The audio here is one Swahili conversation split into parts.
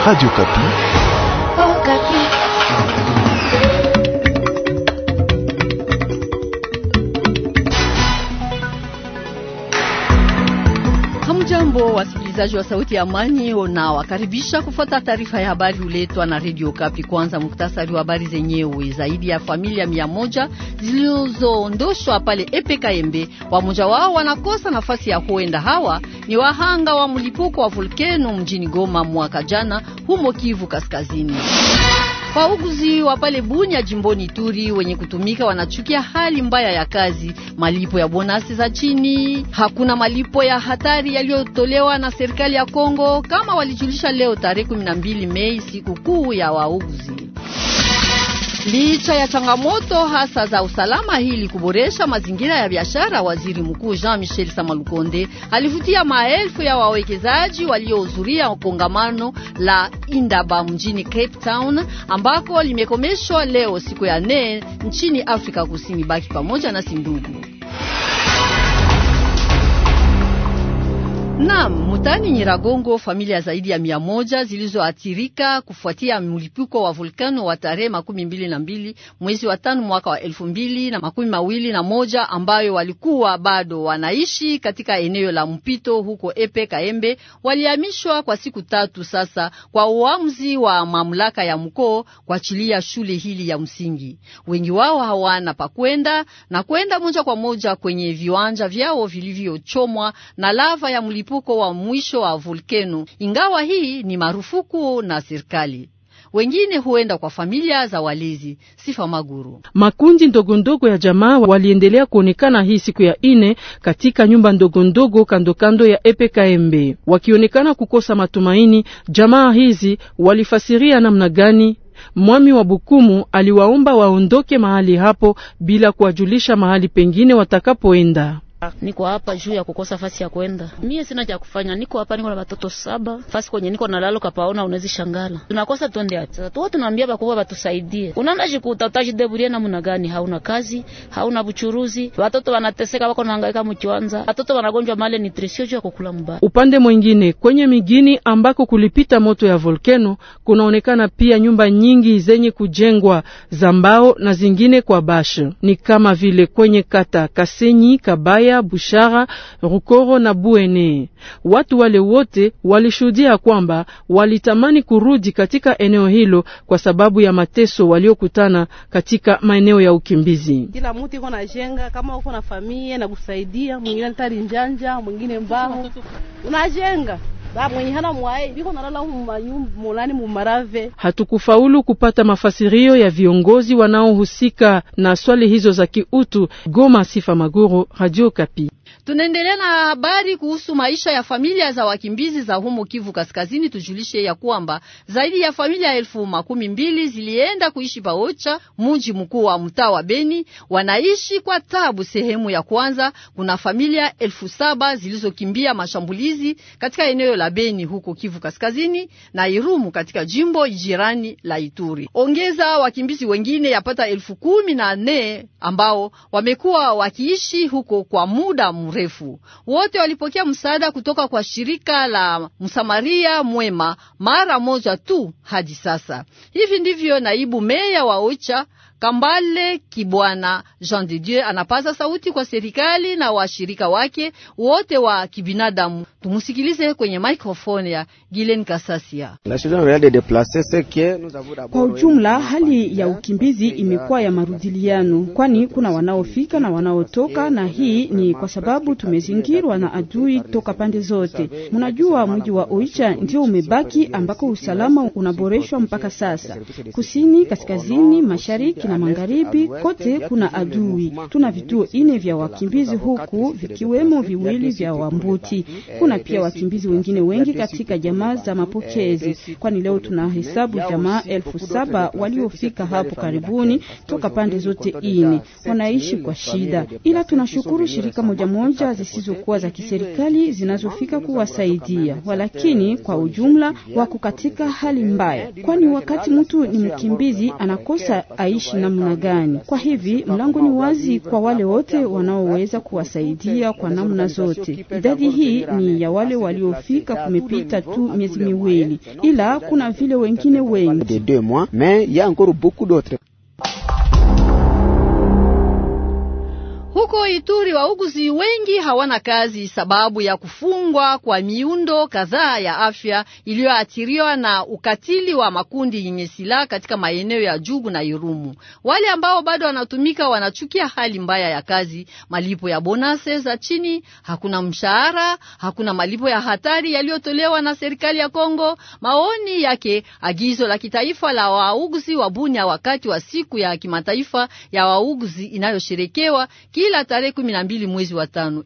Radio Okapi. Oh, Kapi. Hamjambo wa wasikilizaji wa Sauti ya Amani wakaribisha kufuata taarifa ya habari huletwa na Redio Kapi. Kwanza muktasari wa habari zenyewe. Zaidi ya familia mia moja zilizoondoshwa pale Epekaembe, wamoja wao wanakosa nafasi ya kuenda. Hawa ni wahanga wa mlipuko wa volkeno mjini Goma mwaka jana, humo Kivu Kaskazini. Wauguzi wa pale Bunya jimboni Turi wenye kutumika wanachukia hali mbaya ya kazi, malipo ya bonasi za chini, hakuna malipo ya hatari yaliyotolewa na serikali ya Kongo, kama walijulisha leo tarehe 12 Mei, siku kuu ya wauguzi. Licha ya changamoto hasa za usalama ili kuboresha mazingira ya biashara, waziri mkuu Jean Michel Samalukonde alivutia maelfu ya wawekezaji waliohudhuria kongamano la Indaba mjini Cape Town, ambako limekomeshwa leo siku ya nne nchini Afrika Kusini. Baki pamoja na sindugu Naam, mutani Nyiragongo, familia zaidi ya mia moja zilizoathirika kufuatia mlipuko wa volkano wa tarehe makumi mbili na mbili mwezi wa tano mwaka wa elfu mbili na makumi mawili na moja ambayo walikuwa bado wanaishi katika eneo la mpito huko Epe Kaembe walihamishwa kwa siku tatu sasa kwa uamuzi wa mamlaka ya mkoo kuachilia shule hili ya msingi. Wengi wao hawana pakwenda na kwenda moja kwa moja kwenye viwanja vyao vilivyochomwa na lava ya mlipuko mlipuko wa mwisho wa volkeno, ingawa hii ni marufuku na serikali wengine huenda kwa familia za walizi. Sifa Maguru. Makundi ndogondogo ya jamaa waliendelea kuonekana hii siku ya ine katika nyumba ndogondogo kandokando ya EPKMB wakionekana kukosa matumaini. Jamaa hizi walifasiria namna gani? Mwami wa Bukumu aliwaomba waondoke mahali hapo bila kuwajulisha mahali pengine watakapoenda. Niko hapa juu ya kukosa fasi ya kwenda. Mie sina cha kufanya, niko hapa, niko na watoto saba. Fasi kwenye niko nalalo kapaona, unawezi shangala, tunakosa tuende hapa. Sasa tuo tunaambia bakubwa batusaidie, unaenda jikuta utajideburia namna gani? Hauna kazi, hauna buchuruzi, watoto wanateseka, wako nahangaika mkiwanza, watoto wanagonjwa male nutrisio juu ya kukula mbaya. Upande mwingine kwenye migini ambako kulipita moto ya volkeno kunaonekana pia nyumba nyingi zenye kujengwa za mbao na zingine kwa basho, ni kama vile kwenye kata Kasenyi Kabaya Mbeya, Bushara, Rukoro na Bueni. Watu wale wote walishuhudia kwamba walitamani kurudi katika eneo hilo kwa sababu ya mateso waliokutana katika maeneo ya ukimbizi. Kila mtu iko na jenga, kama uko na familia na kusaidia, mwingine tari njanja, mwingine mbao unajenga Hatukufaulu kupata mafasirio ya viongozi wanaohusika na swali hizo za kiutu. Goma, Sifa Maguru, Radio Kapi. Tunaendelea na habari kuhusu maisha ya familia za wakimbizi za humo Kivu Kaskazini. Tujulishe ya kwamba zaidi ya familia elfu makumi mbili zilienda kuishi paocha muji mkuu wa mtaa wa Beni, wanaishi kwa tabu. Sehemu ya kwanza kuna familia elfu saba zilizokimbia mashambulizi katika eneo la Beni huko Kivu Kaskazini na Irumu katika jimbo jirani la Ituri. Ongeza wakimbizi wengine yapata elfu kumi na nne ambao wamekuwa wakiishi huko kwa muda mrefu. Wote walipokea msaada kutoka kwa shirika la Msamaria Mwema mara moja tu hadi sasa. Hivi ndivyo naibu meya wa Ocha Kambale Kibwana Jean de Dieu anapaza sauti kwa serikali na washirika wake wote wa kibinadamu. Tumusikilize kwenye maikrofoni ya Gilen Kasasia. Kwa ujumla, hali ya ukimbizi imekuwa ya marudiliano, kwani kuna wanaofika na wanaotoka, na hii ni kwa sababu tumezingirwa na adui toka pande zote. Mnajua mji wa Oicha ndio umebaki ambako usalama unaboreshwa mpaka sasa, kusini, kaskazini, mashariki na magharibi kote kuna adui. Tuna vituo ine vya wakimbizi huku vikiwemo viwili vya Wambuti. Eh, kuna pia wakimbizi wengine wengi katika jamaa za mapokezi, eh, kwani leo tuna hesabu jamaa elfu saba waliofika hapo karibuni toka pande zote ine, wanaishi kwa shida, ila tunashukuru shirika moja moja zisizokuwa za kiserikali zinazofika kuwasaidia, walakini kwa ujumla wako katika hali mbaya, kwani wakati mtu ni mkimbizi anakosa aishi namna gani. Kwa hivi mlango ni wazi kwa wale wote wanaoweza kuwasaidia kwa namna zote. Idadi hii ni ya wale waliofika, kumepita tu miezi miwili, ila kuna vile wengine wengi huko Ituri wauguzi wengi hawana kazi sababu ya kufungwa kwa miundo kadhaa ya afya iliyoathiriwa na ukatili wa makundi yenye silaha katika maeneo ya Jugu na Irumu. Wale ambao bado wanatumika wanachukia hali mbaya ya kazi, malipo ya bonase za chini, hakuna mshahara, hakuna malipo ya hatari yaliyotolewa na serikali ya Kongo. Maoni yake agizo la kitaifa la wauguzi wa Bunya wakati wa siku ya kimataifa ya wauguzi inayosherekewa kila tarehe 12 mwezi wa tano.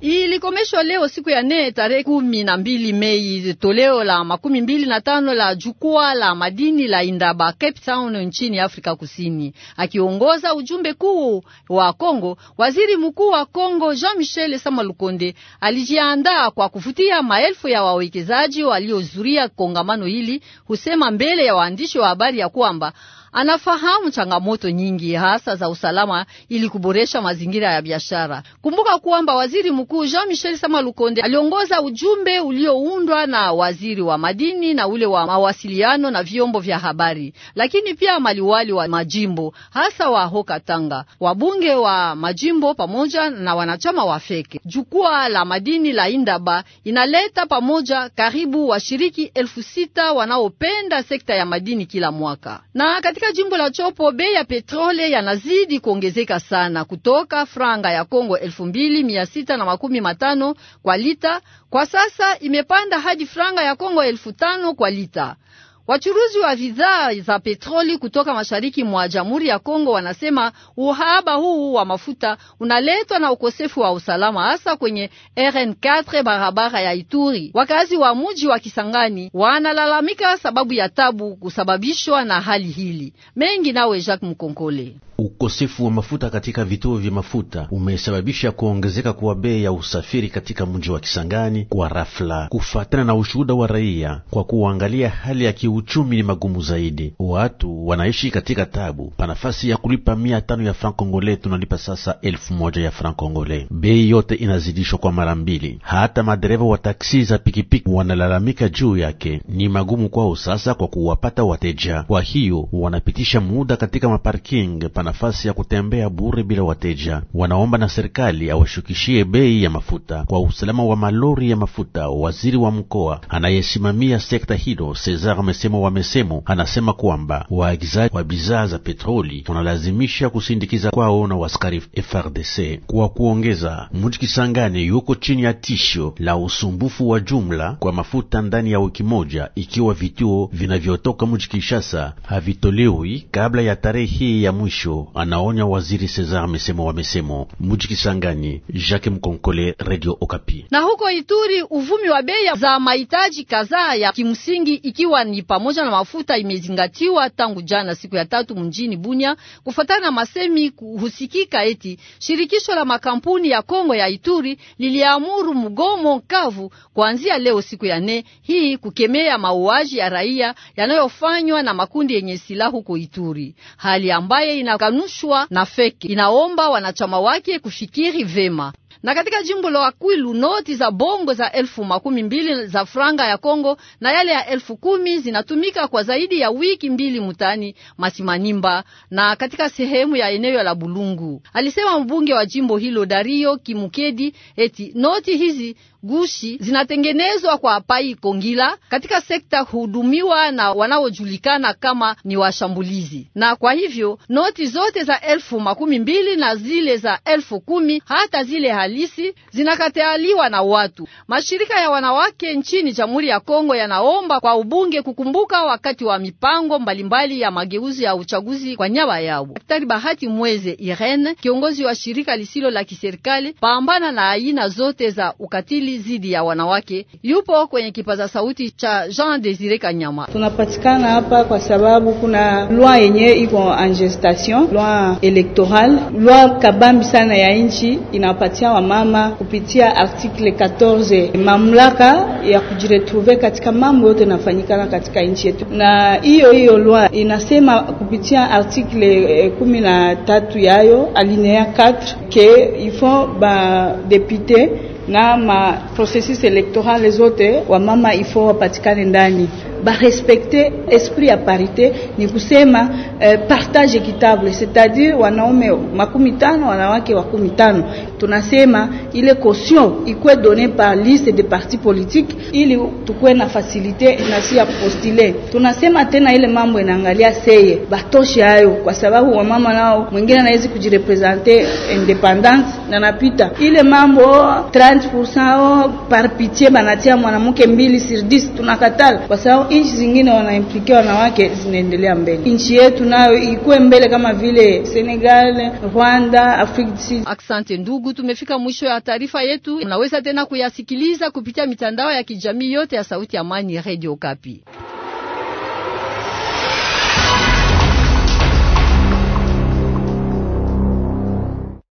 Ilikomeshwa leo siku ya nne tarehe kumi na mbili Mei toleo la makumi mbili na tano la jukwaa la madini la Indaba Cape Town nchini Afrika Kusini. Akiongoza ujumbe kuu wa Kongo, waziri mkuu wa Kongo Jean-Michel samalukonde alijiandaa kwa kuvutia maelfu ya wawekezaji waliohudhuria kongamano hili, husema mbele ya waandishi wa habari ya kwamba anafahamu changamoto nyingi hasa za usalama ili kuboresha mazingira ya biashara. Kumbuka kwamba waziri mkuu Jean Michel Sama Lukonde aliongoza ujumbe ulioundwa na waziri wa madini na ule wa mawasiliano na vyombo vya habari, lakini pia maliwali wa majimbo hasa wa Hoka Tanga, wabunge wa majimbo pamoja na wanachama wa feke. Jukwaa la madini la Indaba inaleta pamoja karibu washiriki elfu sita wanaopenda sekta ya madini kila mwaka na katika katika jimbo la Chopo bei ya petrole yanazidi kuongezeka sana kutoka franga ya Kongo 2615 kwa lita, kwa sasa imepanda hadi franga ya Kongo 5000 kwa lita. Wachuruzi wa bidhaa za petroli kutoka mashariki mwa Jamhuri ya Kongo wanasema uhaba huu wa mafuta unaletwa na ukosefu wa usalama hasa kwenye RN4 barabara ya Ituri. Wakazi wa mji wa Kisangani wanalalamika sababu ya tabu kusababishwa na hali hili. Mengi nawe Jacques Mkonkole. Ukosefu wa mafuta katika vituo vya mafuta umesababisha kuongezeka kwa bei ya usafiri katika mji wa Kisangani kwa rafla. Kufuatana na ushuhuda wa raia, kwa kuangalia hali ya kiuchumi ni magumu zaidi. Watu wanaishi katika tabu. Pa nafasi ya kulipa mia tano ya franc congolais tunalipa sasa elfu moja ya franc congolais. Bei yote inazidishwa kwa mara mbili. Hata madereva wa taksi za pikipiki wanalalamika juu yake. Ni magumu kwao sasa kwa kuwapata wateja, kwa hiyo wanapitisha muda katika maparking nafasi ya kutembea bure bila wateja. Wanaomba na serikali awashukishie bei ya mafuta kwa usalama wa malori ya mafuta. Waziri wa mkoa anayesimamia sekta hilo Cesar Mesemo wa Mesemo anasema kwamba waagizaji wa bidhaa za petroli wanalazimisha kusindikiza kwao na waskari FRDC. Kwa kuongeza, mji Kisangani yuko chini ya tisho la usumbufu wa jumla kwa mafuta ndani ya wiki moja, ikiwa vituo vinavyotoka mji Kinshasa havitolewi kabla ya tarehe ya mwisho anaonya waziri Cesar Mesemo wa Mesemo Mujikisangani. Jacques Mkonkole, Radio Okapi. Na huko Ituri, uvumi wa bei za mahitaji kadhaa ya kimsingi ikiwa ni pamoja na mafuta imezingatiwa tangu jana siku ya tatu mjini Bunya, kufuatana na masemi kuhusikika eti shirikisho la makampuni ya Kongo ya Ituri liliamuru mgomo kavu kuanzia leo siku ya nne hii kukemea mauaji ya raia yanayofanywa na makundi yenye silaha huko Ituri, hali ambaye inaka inakanushwa na feki, inaomba wanachama wake kufikiri vema na katika jimbo la Kwilu noti za bongo za elfu makumi mbili za franga ya Kongo na yale ya elfu kumi zinatumika kwa zaidi ya wiki mbili mutani Masimanimba na katika sehemu ya eneo la Bulungu, alisema mbunge wa jimbo hilo Dario Kimukedi, eti noti hizi gushi zinatengenezwa kwa pai kongila katika sekta hudumiwa na wanaojulikana kama ni washambulizi, na kwa hivyo noti zote za elfu makumi mbili na zile za elfu kumi hata zile halisi zinakataliwa na watu. Mashirika ya wanawake nchini Jamhuri ya Kongo yanaomba kwa ubunge kukumbuka wakati wa mipango mbalimbali ya mageuzi ya uchaguzi kwa nyaba yao. Daktari Bahati Mweze Irene, kiongozi wa shirika lisilo la kiserikali pambana na aina zote za ukatili ukatili dhidi ya wanawake. Yupo kwenye kipaza sauti cha Jean Desire Kanyama. Tunapatikana hapa kwa sababu kuna loi yenye iko angestation, loi electoral, loi kabambi sana ya nchi inapatia wamama kupitia article 14 mamlaka ya kujiretrouve katika mambo yote nafanyikana katika nchi yetu, na hiyo hiyo loi inasema kupitia article eh, tatu yayo alinea 4 ke ifo ba depute na ma processus electorale zote, wamama ifo wapatikane ndani barespecte esprit ya parité ni kusema eh, partage equitable, c'est-à-dire wanaume makumi tano wanawake wakumi tano. Tunasema ile caution ikuwe done par liste de parti politique, ili tukue na fasilite nasi ya postule. Tunasema tena ile mambo inaangalia seye batoshe hayo, kwa sababu wamama nao mwingine anawezi kujirepresente independance na napita ile mambo 30% par pitié banatia mwanamke mbili sur 10 tunakatala kwa sababu nchi zingine wanaimplikia wanawake zinaendelea mbele. Nchi yetu nayo ikuwe mbele kama vile Senegal, Rwanda, Afrika. aksante ndugu, tumefika mwisho ya taarifa yetu. Unaweza tena kuyasikiliza kupitia mitandao ya kijamii yote ya Sauti ya Amani, Radio Kapi.